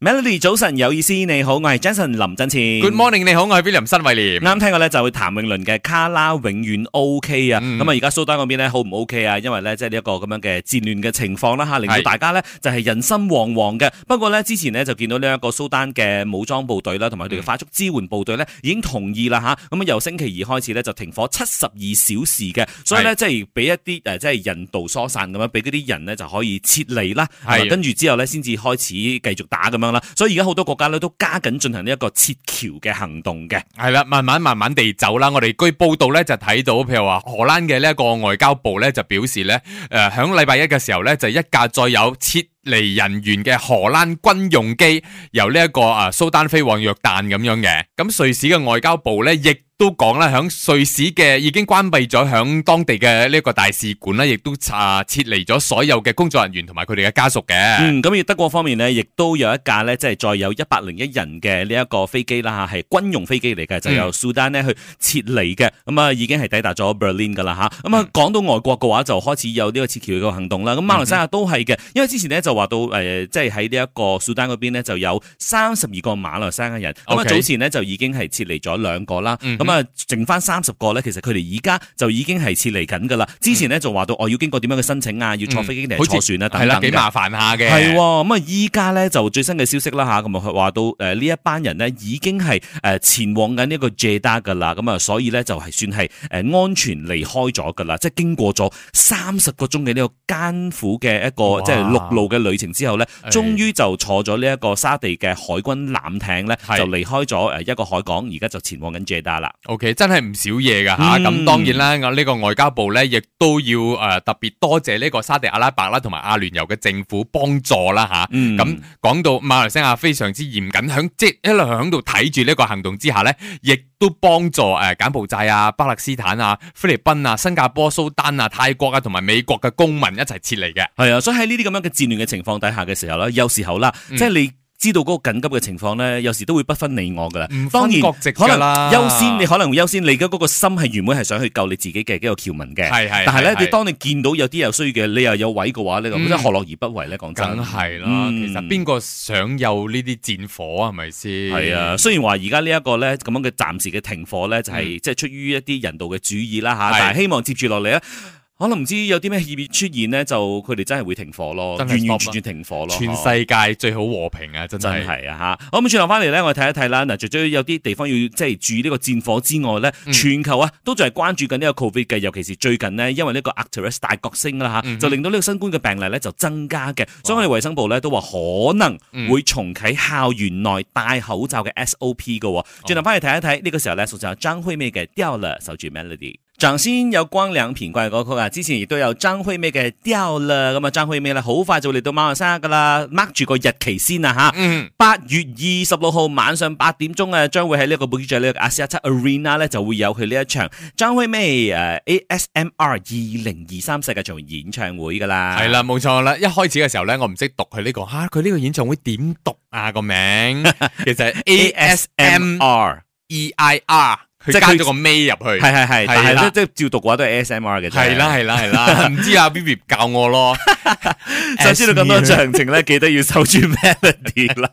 Melody 早晨有意思，你好，我係 Jason 林振前。Good morning，你好，我係 William 新威廉。啱聽過咧，就會譚詠麟嘅《卡拉永遠 OK》啊。咁啊、嗯，而家蘇丹嗰邊咧好唔 OK 啊？因為咧，即係呢一個咁樣嘅戰亂嘅情況啦吓，令到大家咧就係人心惶惶嘅。是不過咧，之前呢，就見到呢一個蘇丹嘅武裝部隊啦，同埋佢哋嘅快速支援部隊咧，已經同意啦吓。咁啊，由星期二開始咧就停火七十二小時嘅，所以咧即係俾一啲誒，即係人道疏散咁樣，俾嗰啲人咧就可以撤離啦。係是，跟住之後咧先至開始繼續打咁樣。所以而家好多國家咧都加緊進行呢一個撤僑嘅行動嘅，係啦，慢慢慢慢地走啦。我哋據報道咧就睇到，譬如話荷蘭嘅呢一個外交部咧就表示咧，誒響禮拜一嘅時候咧就一架再有撤嚟人員嘅荷蘭軍用機由呢一個啊蘇丹飛往約旦咁樣嘅，咁瑞士嘅外交部咧亦都講啦，響瑞士嘅已經關閉咗響當地嘅呢一個大使館啦，亦都啊撤離咗所有嘅工作人員同埋佢哋嘅家屬嘅。嗯，咁而德國方面呢，亦都有一架呢，即係載有一百零一人嘅呢一個飛機啦嚇，係軍用飛機嚟嘅，就由蘇丹呢去撤離嘅。咁、嗯、啊、嗯、已經係抵達咗 Berlin 噶啦吓，咁、嗯、啊、嗯嗯、講到外國嘅話，就開始有呢個撤僑嘅行動啦。咁馬來西亞都係嘅，因為之前呢，就話到誒，即係喺呢一個蘇丹嗰邊咧，就有三十二個馬來西亞人。咁啊，早前呢，就已經係撤離咗兩個啦。咁啊、嗯哼，剩翻三十個咧，其實佢哋而家就已經係撤離緊噶啦。嗯、之前咧就話到，我要經過點樣嘅申請啊，嗯、要坐飛機定坐船啊，像等等係啦，幾麻煩下嘅。係咁啊，依家咧就最新嘅消息啦嚇，咁啊佢話到誒呢一班人呢，已經係誒前往緊呢個傑達噶啦。咁啊，所以咧就係算係誒安全離開咗噶啦，即係經過咗三十個鐘嘅呢個艱苦嘅一個即係陸路嘅。旅程之後咧，終於就坐咗呢一個沙地嘅海軍艦艇咧，就的離開咗誒一個海港，而家就前往緊 Jeddah 啦。O.K. 真係唔少嘢㗎嚇，咁、嗯啊、當然啦，呢、呢個外交部咧亦都要誒特別多謝呢個沙地阿拉伯啦，同埋阿聯酋嘅政府幫助啦嚇。咁、啊、講、嗯啊、到馬來西亞非常之嚴謹，響即一路響度睇住呢個行動之下咧，亦都幫助誒、啊、柬埔寨啊、巴勒斯坦啊、菲律賓啊、新加坡、蘇丹啊、泰國啊同埋美國嘅公民一齊撤離嘅。係啊，所以喺呢啲咁樣嘅戰亂嘅，情況底下嘅時候咧，有時候啦，嗯、即係你知道嗰個緊急嘅情況咧，有時都會不分你我噶啦。當然，可能優先，你可能會優先。你而家嗰個心係原本係想去救你自己嘅呢個僑民嘅。係係。但係咧，你當你見到有啲有需要嘅，你又有位嘅話咧，咁真係何樂而不為咧？講、嗯、真，真係啦。嗯、其實邊個想有呢啲戰火啊？係咪先？係啊。雖然話而家呢一個咧咁樣嘅暫時嘅停火咧，就係即係出於一啲人道嘅主義啦吓。但係希望接住落嚟啊！可能唔知有啲咩異變出現呢，就佢哋真係會停火咯，完完全全停火咯。全，火咯全世界最好和平啊！真係係啊！吓、啊，咁、嗯，轉頭翻嚟咧，我哋睇一睇啦。嗱，除咗有啲地方要即係注意呢個戰火之外咧，全球啊都仲係關注緊呢個 COVID 嘅，尤其是最近呢，因為呢個 Arcturus 大角星啦嚇，就令到呢個新冠嘅病例咧就增加嘅。所以我哋衞生部咧都話可能會重啟校園內戴口罩嘅 SOP 嘅喎。轉頭翻嚟睇一睇呢、這個時候咧，蘇州張惠妹嘅掉了首曲 Melody。頭先有光良《甜愛》歌曲啊，之前亦都有張惠妹嘅掉了，咁啊張惠妹啦，好快就會嚟到馬來西亞噶啦，mark 住個日期先啊。吓。嗯，八月二十六號晚上八點鐘啊，將會喺、si、呢一個布吉仔呢個 Axiata arena 咧，就會有佢呢一場張惠妹誒 ASMR 二零二三世界巡演演唱會噶啦。係啦，冇錯啦，一開始嘅時候咧，我唔識讀佢呢、這個，吓佢呢個演唱會點讀啊個名， 其實 ASMR EIR。E I R 即係加咗個尾入去，係係係，但係即係照讀嘅話都係 S M R 嘅。係啦係啦係啦，唔知阿 Vivi 教我咯，上次到咁多詳情咧，記得要守住 melody 啦。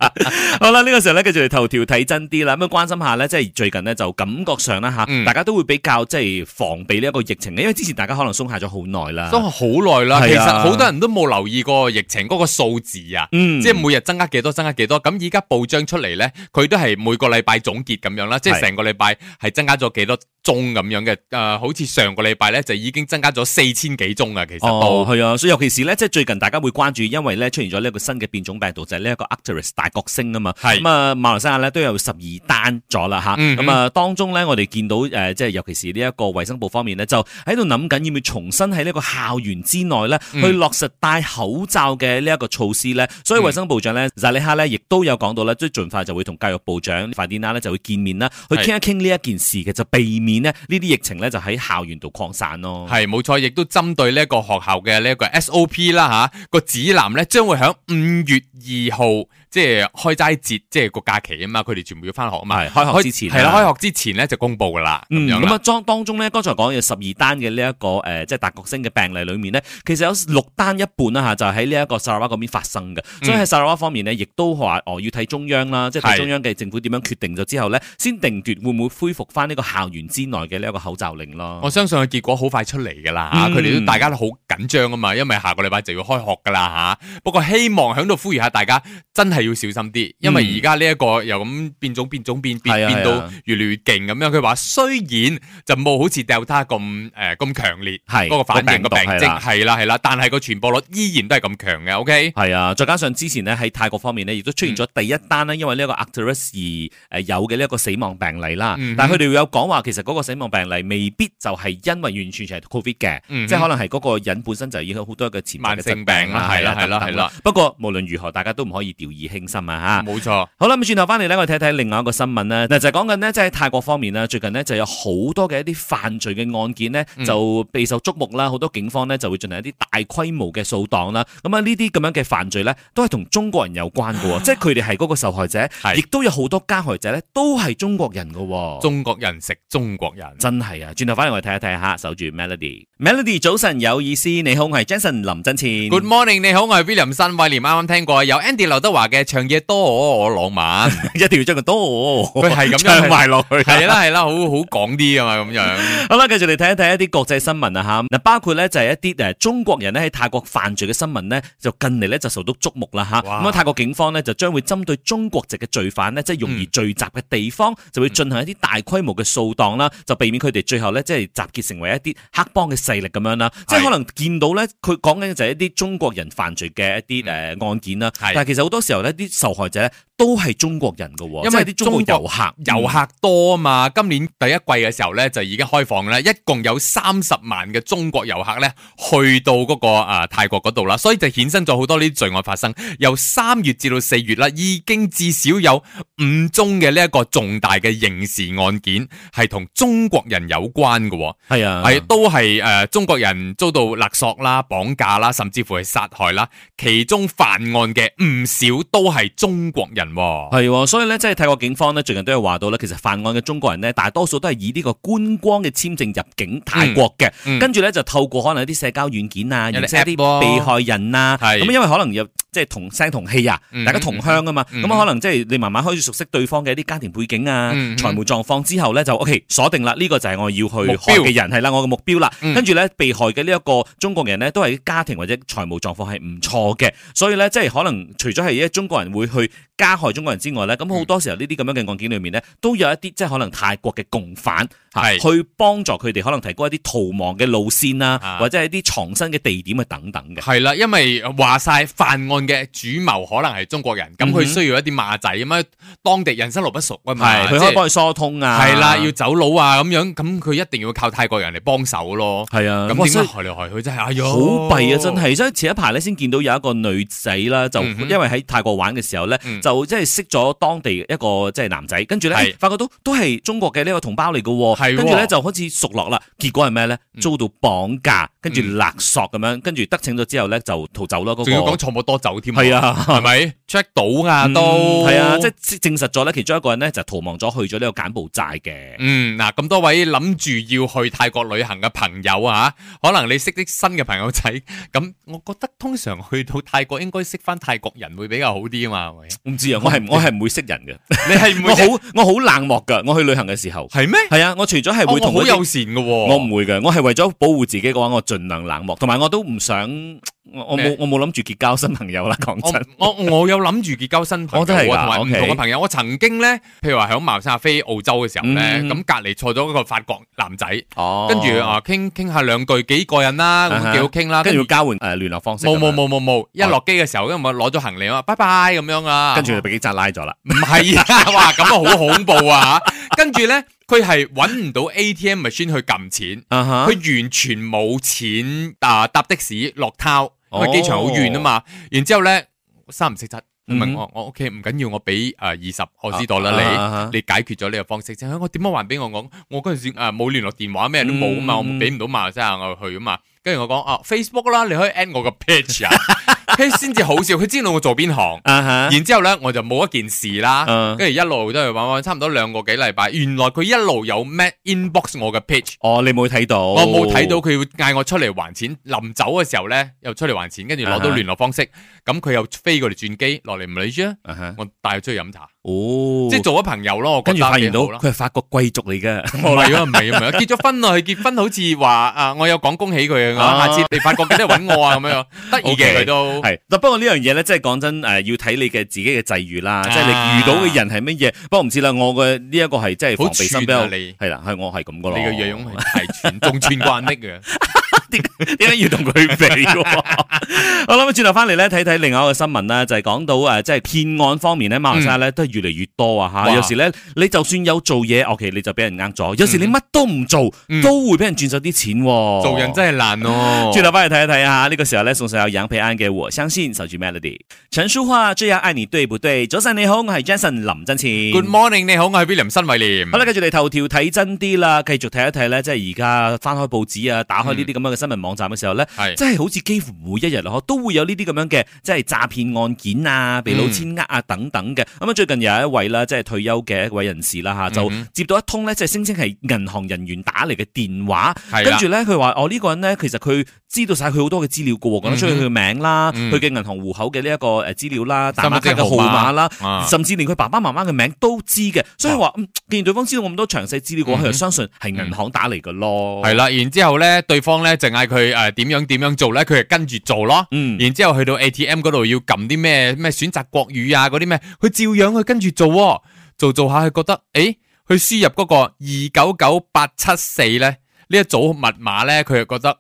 好啦，呢個時候咧，繼續嚟，頭條睇真啲啦，咁樣關心下咧，即係最近咧就感覺上咧吓，大家都會比較即係防備呢一個疫情咧，因為之前大家可能鬆懈咗好耐啦，鬆懈好耐啦，其實好多人都冇留意過疫情嗰個數字啊，即係每日增加幾多，增加幾多，咁而家報章出嚟咧，佢都係每個禮拜總結咁樣啦，即係成個禮拜係增。增加咗幾多宗咁樣嘅誒，好似上個禮拜咧就已經增加咗四千幾宗啊，其實、oh, 哦，係啊，所以尤其是咧，即係最近大家會關注，因為咧出現咗呢一個新嘅變種病毒就係呢一個 Arcturus 大角星啊嘛，咁是、嗯、啊，馬來西亞咧都有十二單咗啦吓，咁啊當中咧我哋見到誒，即、呃、係尤其是呢一個衛生部方面咧，就喺度諗緊要唔要重新喺呢個校園之內咧、嗯、去落實戴口罩嘅呢一個措施咧，所以衛生部長咧扎里哈咧亦都有講到咧，即係盡快就會同教育部長 Fadhlina，咧就會見面啦，是是去傾一傾呢一件事。就避免咧呢啲疫情咧就喺校園度擴散咯。係冇錯，亦都針對呢一個學校嘅呢一個 SOP 啦嚇個指南咧，將會喺五月二號即係開齋節即係個假期啊嘛，佢哋全部要翻學啊嘛。係對開學之前係啦，開學之前咧就公佈噶啦。咁啊當當中咧，剛才講嘅十二單嘅呢一個誒、呃、即係大國星嘅病例裏面咧，其實有六單一半啦嚇，就喺呢一個沙拉瓦嗰邊發生嘅。嗯、所以喺沙拉瓦方面呢，亦都話哦要睇中央啦，即係睇中央嘅政府點樣決定咗之後咧，的先定奪會唔會恢復翻呢個校園之內嘅呢一個口罩令咯，我相信個結果好快出嚟㗎啦，佢哋都大家都好緊張啊嘛，因為下個禮拜就要開學㗎啦嚇。不過希望響度呼籲下大家真係要小心啲，嗯、因為而家呢一個又咁變種變種變變到越來越勁咁樣。佢話雖然就冇好似 Delta 咁誒咁、呃、強烈，係嗰個反應個病徵係啦係啦，是啊是啊是啊，但係個傳播率依然都係咁強嘅。OK，係啊，再加上之前咧喺泰國方面呢，亦都出現咗第一單咧，因為呢一個 Arcturus 而有嘅呢一個死亡病例啦，嗯、哼但係佢哋。仲有講話，其實嗰個死亡病例未必就係因為完全就係 COVID 嘅，嗯、哼即係可能係嗰個人本身就已經有好多一個潛在嘅疾病啦、啊，係啦了，係啦了，係啦、啊。了不過無論如何，大家都唔可以掉以輕心啊！嚇，冇錯。好啦，咁轉頭翻嚟咧，我哋睇睇另外一個新聞啦。就係講緊呢，即係泰國方面啦，最近呢就有好多嘅一啲犯罪嘅案件呢，就備受觸目啦，好、嗯、多警方呢就會進行一啲大規模嘅掃蕩啦。咁啊，呢啲咁樣嘅犯罪呢，都係同中國人有關㗎喎， 即係佢哋係嗰個受害者， 亦都有好多加害者呢，都係中國人㗎喎，中國。人食中國人真係啊！轉頭翻嚟我哋睇一睇吓，守住 Melody，Melody Mel 早晨有意思，你好，我係 Jason 林振前。Good morning，你好，我係 Will William 新偉廉。啱啱聽過有 Andy 劉德華嘅《長夜多我浪漫》 一我，一定要將佢多，佢係咁樣賣落去，係啦係啦，好好講啲啊嘛咁樣。 好啦，繼續嚟睇一睇一啲國際新聞啊吓，嗱，包括咧就係一啲誒中國人咧喺泰國犯罪嘅新聞呢，就近嚟咧就受到矚目啦吓。咁啊哇，泰國警方呢，就將會針對中國籍嘅罪犯呢，即、就、係、是、容易聚集嘅地方，嗯、就會進行一啲大規、嗯。嘅掃蕩啦，就避免佢哋最後咧，即係集結成為一啲黑幫嘅勢力咁樣啦。是即係可能見到咧，佢講緊就係一啲中國人犯罪嘅一啲誒案件啦。嗯、但係其實好多時候咧，啲受害者咧。都係中國人噶，因為啲中國遊客遊、嗯、客多啊嘛。今年第一季嘅時候咧，就已經開放啦，一共有三十萬嘅中國遊客咧，去到嗰、嗰個啊、呃、泰國嗰度啦，所以就衍生咗好多呢啲罪案發生。由三月至到四月啦，已經至少有五宗嘅呢一個重大嘅刑事案件係同中國人有關嘅，係是啊，係都係誒、呃、中國人遭到勒索啦、綁架啦，甚至乎係殺害啦。其中犯案嘅唔少都係中國人。係，所以咧，即係泰國警方咧，最近都有話到咧，其實犯案嘅中國人咧，大多數都係以呢個觀光嘅簽證入境泰國嘅，跟住咧就透過可能一啲社交軟件啊，而且一啲被害人啊，咁因為可能有即係同聲同氣啊，大家同鄉啊嘛，咁可能即係你慢慢開始熟悉對方嘅一啲家庭背景啊、財務狀況之後咧，就 OK 鎖定啦，呢個就係我要去害嘅人係啦，我嘅目標啦，跟住咧被害嘅呢一個中國人咧，都係家庭或者財務狀況係唔錯嘅，所以咧即係可能除咗係一啲中國人會去加。害中國人之外咧，咁好多時候呢啲咁樣嘅案件裏面咧，都有一啲即係可能泰國嘅共犯係、嗯、去幫助佢哋，可能提供一啲逃亡嘅路線啊，或者係一啲藏身嘅地點啊等等嘅。係啦，因為話晒犯案嘅主謀可能係中國人，咁佢需要一啲馬仔咁樣，當地人生路不熟啊嘛，佢、嗯、可以幫佢疏通啊。係啦，要走佬啊咁樣，咁佢一定要靠泰國人嚟幫手咯。係啊，咁點解害嚟害去啫？啊、哎，好弊啊，真係！所以前一排咧，先見到有一個女仔啦，就因為喺泰國玩嘅時候咧，就即係識咗當地一個即係男仔，跟住咧，是的 發覺到都係中國嘅呢個同胞嚟嘅，是的 跟住咧就開始熟落啦。結果係咩咧？遭到綁架。跟住勒索咁樣，跟住得逞咗之後咧就逃走咯。嗰個仲要講錯冇多走添。係啊，係咪？check 到噶都係啊，即係證實咗咧，其中一個人咧就逃亡咗去咗呢個柬埔寨嘅。嗯，嗱，咁多位諗住要去泰國旅行嘅朋友啊，可能你識啲新嘅朋友仔，咁我覺得通常去到泰國應該識翻泰國人會比較好啲啊嘛，係咪？唔知啊，我係我係唔會識人嘅，你係唔會？我好我好冷漠噶，我去旅行嘅時候係咩？係啊，我除咗係會同我好友善噶，我唔會嘅，我係為咗保護自己嘅話我。盡量冷漠，同埋我都唔想，我冇我冇諗住結交新朋友啦。講真，我我有諗住結交新朋友，真係同埋唔同嘅朋友。我曾經咧，譬如話響馬來西亞飛澳洲嘅時候咧，咁隔籬坐咗一個法國男仔，跟住啊傾傾下兩句，幾過癮啦，咁幾好傾啦，跟住交換誒聯絡方式。冇冇冇冇冇，一落機嘅時候，因為我攞咗行李啊，拜拜咁樣啊，跟住就俾警察拉咗啦。唔係啊，哇，咁啊好恐怖啊，跟住咧。佢係揾唔到 ATM 咪先去撳錢，佢、uh huh. 完全冇錢啊、呃、搭的士落濤，因為機場好遠啊嘛。Oh. 然之後咧三唔識七，問我、um. 我屋企唔緊要，我俾誒二十我知道啦。Uh huh. 你你解決咗你嘅方式，即係，我點樣還俾我我？我嗰陣時誒冇、呃、聯絡電話，咩都冇啊嘛，我俾唔到萬即蚊我去啊嘛。跟住我講哦、啊、，Facebook 啦，你可以 add 我個 pitch 啊，先至 好笑，佢知道我做邊行，uh huh. 然之後呢我就冇一件事啦，跟住、uh huh. 一路都係玩玩，差唔多兩個幾禮拜，原來佢一路有 mark inbox 我嘅 pitch 哦，oh, 你冇睇到，我冇睇到佢會嗌我出嚟還錢，臨走嘅時候呢，又出嚟還錢，跟住攞到聯絡方式，咁佢、uh huh. 又飛過嚟轉機落嚟唔理住啊，來來 uh huh. 我帶佢出去飲茶。哦，即係做咗朋友咯，跟住發現到佢係法國貴族嚟嘅，唔係啊唔係啊唔係結咗婚啦，佢結婚好似話啊，我有講恭喜佢，下次你法國邊度揾我啊，咁樣得意嘅，佢都係，不過呢樣嘢咧，即係講真誒，要睇你嘅自己嘅際遇啦，即係你遇到嘅人係乜嘢，不過唔知啦，我嘅呢一個係真係防備心比較係啦，係我係咁噶啦，你個樣樣係串，仲串慣的嘅。點解 要同佢比？我諗住轉頭翻嚟咧睇睇另外一個新聞啦，就係、是、講到誒，即係騙案方面咧，馬來西亞咧都係越嚟越多、嗯、啊！吓，有時咧你就算有做嘢，OK，你就俾人呃咗，有時你乜都唔做，嗯、都會俾人賺咗啲錢。做人真係難哦！轉頭翻嚟睇一睇吓，呢、這個時候咧送上有楊培安嘅《我相信》手住 Melody，陳淑樺《這樣愛你》對不對？早晨你好，我係 Jason 林真前。Good morning，你好，我係 William 申偉廉。好啦，跟住嚟頭條睇真啲啦，繼續睇一睇咧，即係而家翻開報紙啊，打開呢啲咁嘅。新聞網站嘅時候咧，係真係好似幾乎每一日咯，都會有呢啲咁樣嘅即係詐騙案件啊，俾老千呃啊等等嘅。咁啊最近又有一位啦，即係退休嘅一位人士啦吓，就接到一通咧，即係聲稱係銀行人員打嚟嘅電話，跟住咧佢話我呢個人咧，其實佢知道晒佢好多嘅資料嘅，講得出佢嘅名啦，佢嘅銀行戶口嘅呢一個誒資料啦，大馬卡嘅號碼啦，甚至連佢爸爸媽媽嘅名都知嘅。所以話，既然對方知道咁多詳細資料嘅話，佢就相信係銀行打嚟嘅咯。係啦，然之後咧，對方咧。淨嗌佢誒，點樣點樣做咧？佢係跟住做咯，嗯，然之後去到 ATM 度要撳啲咩咩選擇國語啊，嗰啲咩，佢照樣去跟住做、咯、做着做下佢覺得，誒，佢輸入個二九九八七四咧呢一組密碼咧，佢又覺得。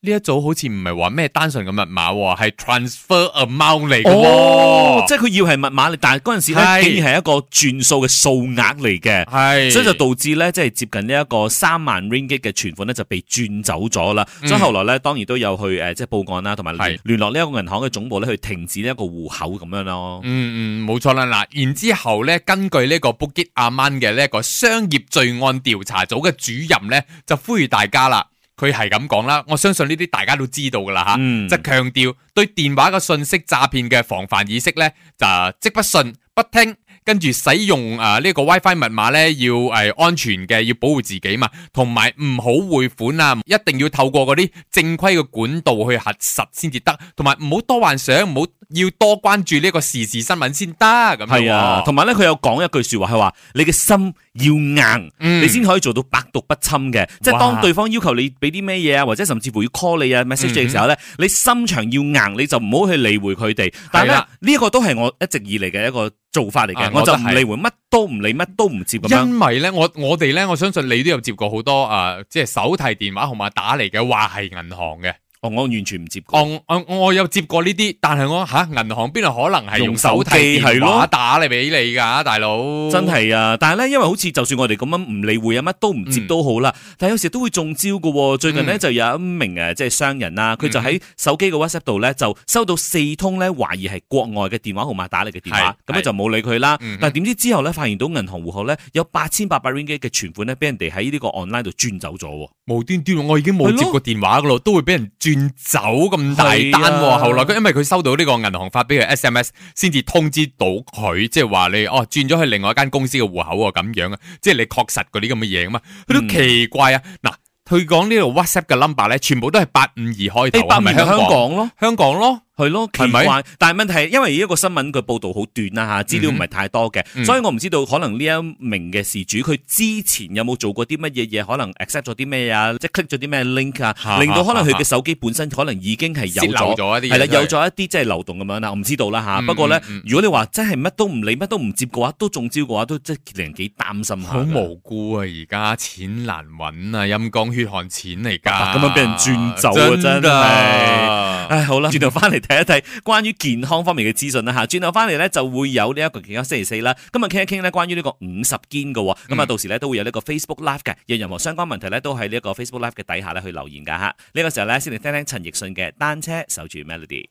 呢一組好似唔係話咩單純嘅密碼，係 transfer amount 嚟嘅、哦哦，即係佢要係密碼，但係嗰陣時咧是竟然係一個轉數嘅數額嚟嘅，是所以就導致咧即係接近呢一個三萬 ringgit 嘅存款咧就被轉走咗啦。嗯、所以後來咧當然都有去誒、呃、即係報案啦，同埋聯絡呢一個銀行嘅總部咧去停止呢一個戶口咁樣咯。嗯嗯，冇錯啦。嗱，然之後咧根據呢個 Bukit Aman 嘅呢一個商業罪案調查組嘅主任咧就呼籲大家啦。佢係咁講啦，我相信呢啲大家都知道㗎喇哈，嗯、就強調對電話嘅信息詐騙嘅防範意識呢，就即不信不聽。跟住使用啊呢個 WiFi 密碼呢，要誒安全嘅，要保護自己嘛，同埋唔好匯款啊，一定要透過嗰啲正規嘅管道去核實先至得，同埋唔好多幻想，唔好要多關注呢個時事新聞先得咁樣。係啊，同埋呢，佢有講一句說話，係話你嘅心要硬，你先可以做到百毒不侵嘅。即係當對方要求你俾啲咩嘢啊，或者甚至乎要 call 你啊 message 嘅時候呢，你心腸要硬，你就唔好去理會佢哋。但係，呢個都係我一直以嚟嘅一個。做法嚟嘅，啊、我就唔理會，乜都唔理，乜都唔接，因為咧，我我哋咧，我相信你都有接過好多啊、呃，即係手提電話號碼打嚟嘅話，係銀行嘅。哦，我完全唔接。哦我，我有接過呢啲，但係我吓銀、啊、行邊度可能係用手機電話打你俾你噶，大佬。真係啊！但係咧，因為好似就算我哋咁樣唔理會啊，乜都唔接都好啦。嗯、但係有時都會中招噶。最近咧、嗯、就有一名誒，即係商人啦，佢就喺手機嘅 WhatsApp 度咧，就收到四通咧懷疑係國外嘅電話號碼打你嘅電話，咁咧就冇理佢啦。嗯、哼但係點知之後咧，發現到銀行戶口咧有八千八百 ringgit 嘅存款咧，俾人哋喺呢個 online 度轉走咗。無端端，我已經冇接過電話噶咯，都會俾人。轉走咁大單喎，啊、後來佢因為佢收到呢個銀行發俾佢 SMS，先至通知到佢，即係話你哦轉咗去另外一間公司嘅戶口啊，咁樣啊，即係你確實嗰啲咁嘅嘢啊嘛，佢、嗯、都奇怪啊，嗱，佢講呢度 WhatsApp 嘅 number 咧，全部都係八五二開頭，你八五二香港咯，香港咯。係咯，奇怪。但係問題係，因為一個新聞佢報道好短啦嚇，資料唔係太多嘅， 所以我唔知道可能呢一名嘅事主佢之前有冇做過啲乜嘢嘢，可能 accept 咗啲咩啊，即係 click 咗啲咩 link 啊， 令到可能佢嘅手機本身可能已經係有咗，係啦，有咗一啲即係流動咁樣啦。我唔知道啦嚇， 不過咧，如果你話真係乜都唔理，乜都唔接嘅話，都中招嘅話，都即令人幾擔心好、嗯、無辜啊！而家錢難揾啊，陰功血汗錢嚟㗎，咁 樣俾人轉走啊！真係的， 唉，好啦，轉頭翻嚟。睇一睇關於健康方面嘅資訊啦嚇，轉頭翻嚟咧就會有呢一個健康星期四啦，今日傾一傾咧關於呢個五十肩嘅，咁啊到時咧都會有呢個 Facebook Live 嘅，有任何相關問題咧都喺呢一個 Facebook Live 嘅底下咧去留言噶嚇，呢個時候咧先嚟聽聽陳奕迅嘅單車守住 Melody。